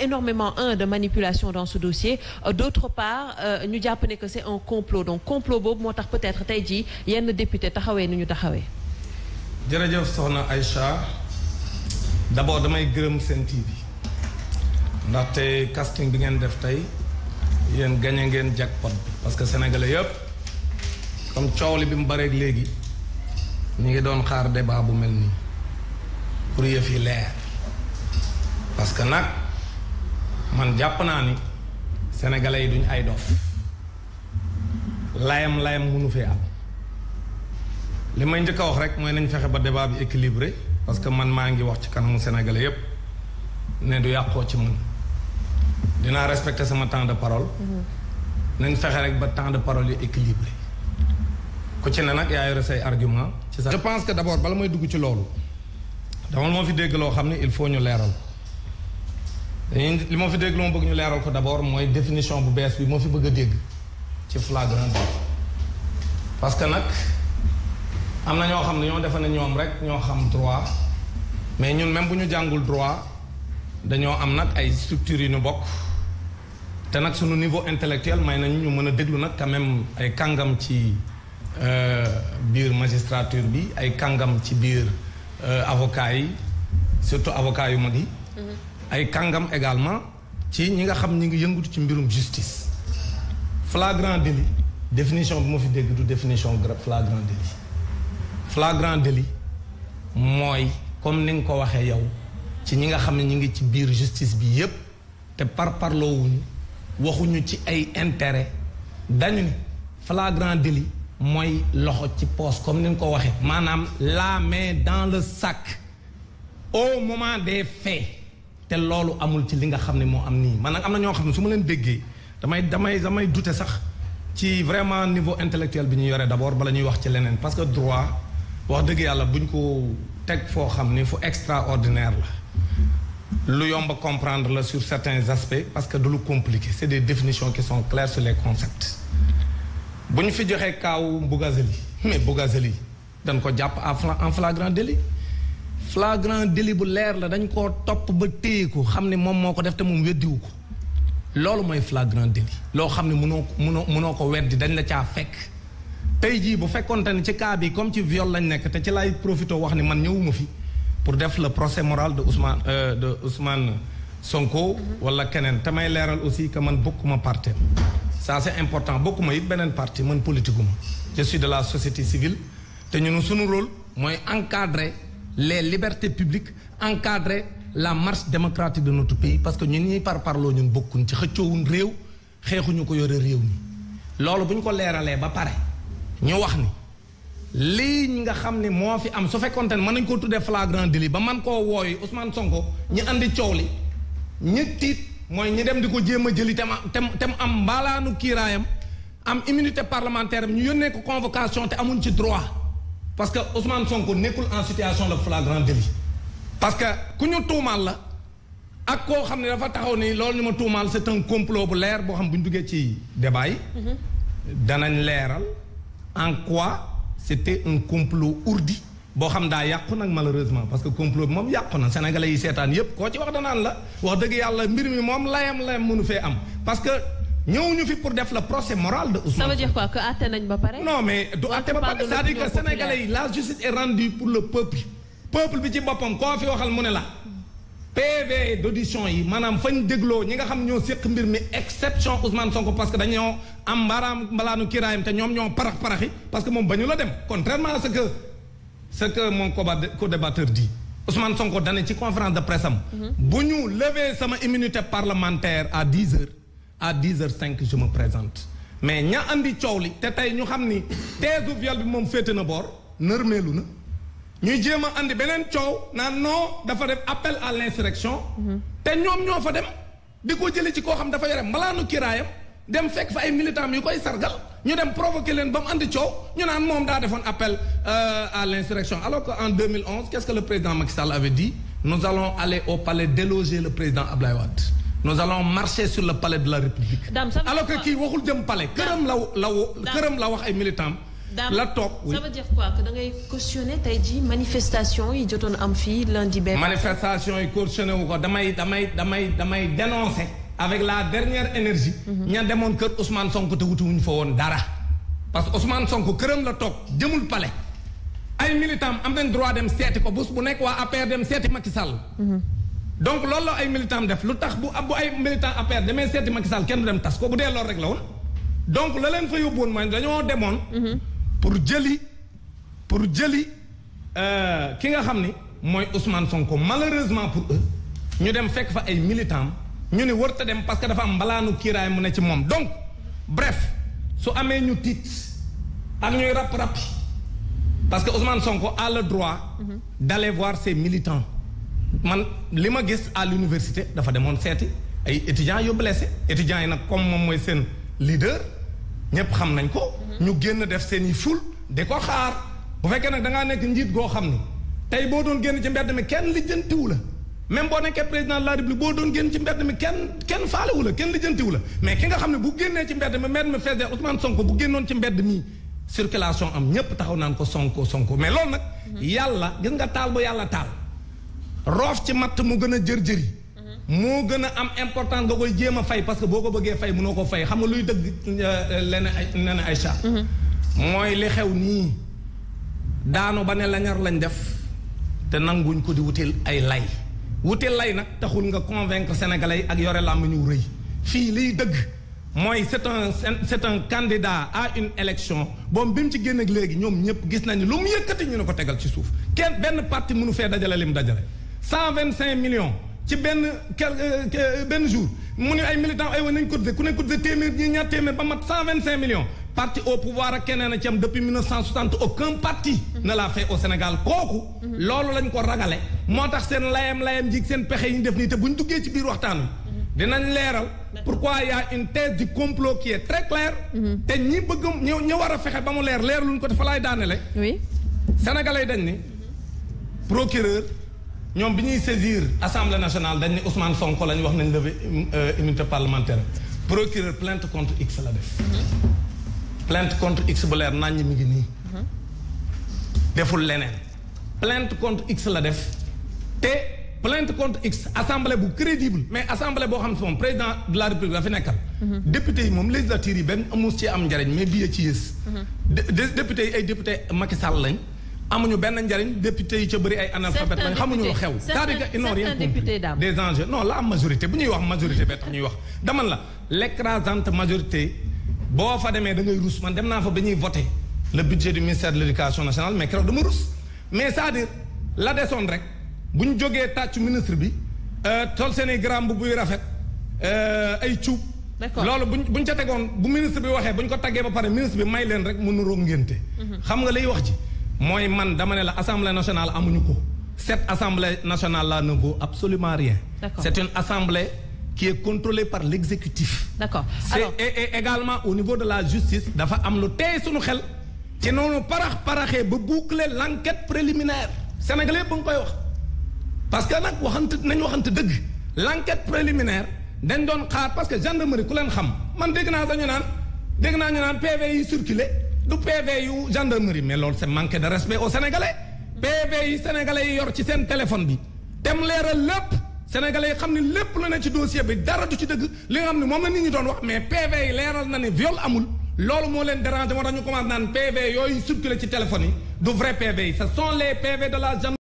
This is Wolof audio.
énormément un de manipulation dans ce dossier euh, d'autre part euh, ñu jàpp ne que c'est un complot donc complot boobu moo tax peut-être tey jii yenn député taxawee ni ñu taxawee jërëjëf soxna Aïcha d'abord damay gërëm seen TV ndaxte casting bi ngeen def tey yéen gañe ngeen jackpot bi parce que sénégalais yëpp comme coow li bi mu bareeg léegi ñu ngi doon xaar débat bu mel nii pour yëf yi leer parce que nag man jàpp naa ni sénégalais yi duñ ay dof layam layam munu fee am li may njëkk wax rek mooy nañ fexe ba débat bi équilibré parce que man maa ngi wax ci kanamu sénégalais yépp ne du yàqoo ci man dinaa respecter sama temps de parole mm-hmm. nañ fexe rek ba temps de parole yu équilibré ku ci ne nag yaa yore say argument ci sax je pense que d'abord bala may dugg ci loolu dama moo fi dégg loo xam ne il faut ñu leeral li moo fi dégg lu ma bëgg ñu leeral ko d' abord mooy définition bu bees bi moo fi bëgg a dégg ci flagrant délit parce que nag am na ñoo xam ne ñoo defe ne ñoom rek ñoo xam droit mais ñun même bu ñu jàngul droit dañoo am nag ay structures yu ñu bokk te nag suñu niveau intellectuel may nañu ñu mën a déglu nag quand même ay kàngam ci euh, biir magistrature bi ay kàngam ci biir euh, avocat yi surtout avocat yu mag yi mm-hmm. ay kàngam également ci ñi nga xam ñi ngi yëngutu ci mbirum justice flagrant délit définition bi ma fi dégg du définition flagrant délit flagrant délit mooy comme ni nga ko waxee yow ci ñi nga xam ne ñi ngi ci biir justice bi yépp te par parloowuñu waxuñu ci ay intérêt dañu ni flagrant délit mooy loxo ci poche comme ni nga ko waxee maanaam la mais dans le sac au moment des faits te loolu amul ci li nga xam ne moo am nii man nag am na ñoo xam ne su ma leen déggee damay damay damay dute sax ci vraiment niveau intellectuel bi ñu yore d'abord bala ñuy wax ci leneen parce que droit wax dëgg yàlla buñ ko teg foo xam ni fu extraordinaire la lu yomb a comprendre la sur certains aspects parce que du lu compliqué c'est des définitions qui sont claires sur les concepts bu ñu fi joxee kaaw Bougazelli mais Bougazelli dañ ko jàpp en flagrant délit flagrant délit bu leer la dañ koo topp ba téye ko xam ne moom moo ko def te moom weddiwu ko loolu mooy flagrant délit loo xam ne mënoo mënoo mënoo ko weddi dañ la caa fekk tey jii bu fekkonte ne ci cas bi comme ci viol lañ nekk te ci laay profité wax ni man ñëwuma fi pour def la procès moral de Ousmane euh, de Ousmane Sonko wala keneen te leeral aussi que man bokkuma parti ça c'est important bokkuma it beneen parti man politique ma je suis de la société civile te ñun sunu rôle mooy encadrer les libertés publiques encadrer la marche démocratique de notre pays parce que ñun ñuy par parloo ñun bokkuñ ci xëccoowuñ réew xeexuñu ko yore réew mi loolu bu ñu ko leeralee ba pare ñu wax ni lii nga xam ne moo fi am su fekkoonte ne mën nañ koo tuddee flagrant délit ba man koo wooyu Ousmane Sonko ñu andi coow li ñi tiit mooy ñi dem di ko jéem a jëli te mu te am mbaalaanu kiiraayam am immunité parlementaire ñu yónnee ko convocation te amuñ ci droit parce que Ousmane Sonko nekkul en situation de flagrant délit parce que ku ñu tuumaal la ak koo xam ne dafa taxaw ni loolu ñu ma tuumaal c'est un complot bu leer boo xam bu ñu duggee ci débat danañ leeral en quoi c'était un complot ourdi boo xam daa yàqu nag malheureusement parce que complot bi moom yàqu na sénégalais yi seetaan yépp koo ci wax danaan la wax dëgg yàlla mbir mi moom layam layam mënu fee am parce que ñëwuñu fi pour def la procès moral de Ousmane. ça veut dire quoi que àtte nañ ba pour le peuple. peuple bi ci boppam koo fi waxal la. PV d'audition yi maanaam fañ dégloo ñi nga xam ñoo séq mbir mi exception Ousmane Sonko parce que dañoo am mbaraam mbalaanu kiraayam te ñoom ñoo parax paraxi parce que moom bañu la dem contrairement à ce que ce que mon co-débatteur dit. Ousmane ci conférence de presse am. Mm-hmm. bu ñu lever sama immunité parlementaire à dix heures. à 10 h cinq je présent mais ña andi coow li te tey ñu xam ni teesu viol bi moom féete na boor nërmeelu na ñuy jéem a andi beneen coow naan non dafa def appel à l'insurrection te ñoom ñoo fa dem di ko jëlee ci koo xam dafa yore mbalaanu kiraayam dem fekk fa ay militants yu koy sargal ñu dem provoquer leen ba mu andi coow ñu naan moom daa defoon appel euh, à l'insurrection alors que en qu'est-ce que le président Macky Sall avait dit nous allons aller au palais déloger le nous allons marché sur le palais de la République. Dame, alors que kii waxul jëm palais. këram la la këram la wax ay militants la toog oui ça veut quoi que da ngay cautionner tey jii manifestation yi jotoon am fii lundi benn. manifestation yi cautionner wu ko damay damay damay damay dénoncer. avec la dernière énergie. Mhm. ña demoon kër Ousmane Sonko te wutiwuñ fa woon dara. parce que Ousmane Sonko këram la toog jëmul pale ay militants am nañ droit dem seeti ko bés bu nekk waa APR dem seeti Macky Sall. Mhm. donc lool la ay militant def lu tax bu ab bu ay militant APR demee seeti Macky Sall kenn du dem tas ko bu dee loolu rek la woon donc la leen fa yóbbu woon mooy dañoo demoon. Mhm. pour jëli pour jëli euh, ki nga xam ni mooy Ousmane Sonko malheureusement pour eux ñu dem fekk fa ay militant ñu ni wërta dem parce que dafa am mbalaanu kiiraay mu ne ci moom donc bref su amee ñu tiit ak ñuy rap rap parce que Ousmane Sonko a le droit. Mhm. d'aller voir ses militants. man li ma gis à l'université dafa demoon seeti ay étudiants yu blessé étudiants yi nag comme moom mooy seen leader ñëpp xam nañ ko. Mhm. ñu génn def seen i ful di ko xaar bu fekkee nag da ngaa nekk njiit goo xam ni tey boo doon génn ci mbedd mi kenn lijjantiwu la même boo nekkee président de la république boo doon ci mbedd mi kenn kenn faalewu la kenn lijjantiwu la mais ki nga xam ne bu génnee ci mbedd mi mbedd mi fees Ousmane Sonko bu génnoon ci mbedd mi circulation am ñëpp taxaw naan ko Sonko Sonko mais loolu nag. Mhm. yàlla gis nga taal bu yàlla taal. roof ci matt mu gën a jër-jëri moo gën a am important nga koy jéem a fay parce que boo ko bëggee fay mënoo ko fay xam nga luy dëgg euh, len ay len ay char mhm. mooy li xew nii daanu ba ne lañar lañ def te nanguñ ko di wutil ay lay wutil lay nag taxul nga convaincre sénégalais ak yore làmb ñu rëy fii liy dëgg mooy c'est un c'est un candidat à une élection boom bi mu ci génn ak léegi ñoom ñëpp gis nañ lu mu yëkkati ñu ne ko tegal ci suuf kenn benn parti mënu fee dajale li mu dajale cent vingt cinq millions ci benn quelque euh, euh, benn jour mu ne ay militants ay wa nañ cotiser ku ne cotiser téeméer ñi ñaar téeméer ba mat cent vingt cinq millions parti au pouvoir ak keneen a ci am depuis 1960 aucun parti mhm. ne l'a fait au Sénégal kooku mhm. loolu lañ ko ragale moo tax seen layam-layam jig seen pexe yi ñu def nii te buñ duggee ci biir waxtaan mhm. dinañ leeral pourquoi y a une thèse du complot qui est très claire te ñi bëgg ñu ñu war a fexe ba mu leer leer luñ ko dafa laay daanele sénégalais dañ ni procureur ñoom bi ñuy saisir assemblée nationale dañ ne Ousmane Sonko lañ wax nañ lever euh, immunité parlementaire procureur plainte contre X la def. plainte contre X bu leer naññ mi ngi nii. deful leneen. plainte contre X la def te plainte contre X assemblée bu crédible mais assemblée boo xam si moom président de la république la fi nekkal. Mhm. député yi moom législature yi benn amus ci am njariñ mais bii ci yées. Mhm. député yi ay député Macky Sall lañ. amuñu benn njariñ député yi ca bëri ay analphabète lañ xamuñu lu xew c'est-à-dire que ils n'ont rien compris des enjeux non la majorité bu ñuy wax majorité ba ñuy wax dama boo fa demee da ngay rus man dem naa fa ba ñuy voté le budget du ministère de l'éducation nationale mais keroog dama la desoon rek bu ñu jógee tàcc ministre bi euh, tol seen i gram bu buy rafet euh, ay cuub loolu buñ buñ ca tegoon bu ministre bi waxee bu ko taggee ba pare ministre bi may leen rek mu nuroo ngénte mhm. xam nga lay wax ji mooy man dama ne la assemblée nationale amuñu ko cette assemblée nationale la ne vaut absolument rien. d'accord c'est une assemblée ki est contrôlée par l'exécutif. d'accord alors c'est et, et également au niveau de la justice dafa am lu tey suñu xel ci noonu parax paraxee ba boucler l'enquête préliminaire sénégalais ba nga koy wax. parce que nag waxante nañ waxante dëgg l'enquête préliminaire dañ doon xaar parce que gendarmerie ku leen xam man dégg naa dañu naan dégg naa ñu naan PV yi circulé. du PV yu gendarmerie mais loolu c'est manqué de respect au sénégalais PV yi sénégalais yi yor ci seen téléphone bi dem leeral lépp sénégalais yi xam ne lépp la ne ci dossier bi dara du ci dëgg li nga xam ne moom la nit ñi doon wax mais PV yi leeral na ne viol amul loolu moo leen déranger moo tax ñu commencé naan PV yooyu circulé ci téléphone yi du vrai PV yi ce sont les PV de la gendarmerie